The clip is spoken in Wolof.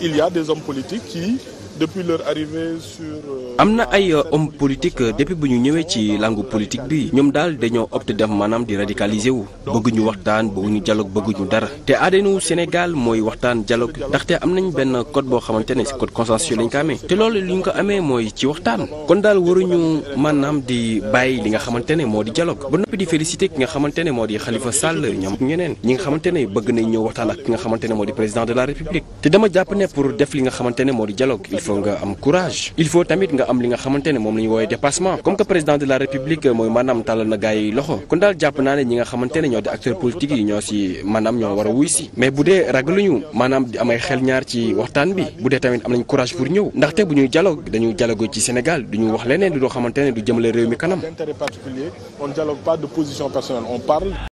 il y a des hommes politiques qui depuis leur arrivée sur. Euh, am na ay euh, homme politique euh, depuis bu ñu ñëwee ci langue politique bi ñoom daal dañoo opté def maanaam di radicaliser wu bëgguñu waxtaan bëgguñu dialogue bëgguñu dara te ADN Sénégal mooy waxtaan dialogue ndaxte am nañ benn code boo xamante ne si code consensuel lañ ko amee te loolu li ñu ko amee mooy ci waxtaan kon daal waruñu maanaam di bàyyi li nga xamante ne moo di dialogue ba noppi di féliciter ki nga xamante ne moo di Khalifa Sall ñoom ñeneen ñi nga xamante ne bëgg nañ ñëw waxtaan ak ki nga xamante ne moo di président de la ne pour def li nga xamante ne moo di dialogue faut nga am courage il faut tamit nga am li nga xamante ne moom la ñu woowee dépassement comme que président de la république mooy maanaam tàllal na gars loxo kon daal jàpp naa ne ñi nga xamante ñoo di acteurs politiques yi ñoo si maanaam ñoo war a wuy si mais bu dee ragaluñu maanaam di amay xel ñaar ci waxtaan bi bu dee tamit am nañ courage pour ñëw ndaxte bu ñuy dialogue dañuy dialogue ci Sénégal du ñu wax leneen du doo xamante ne du jëmale réew mi kanam. on ne dialogue pas de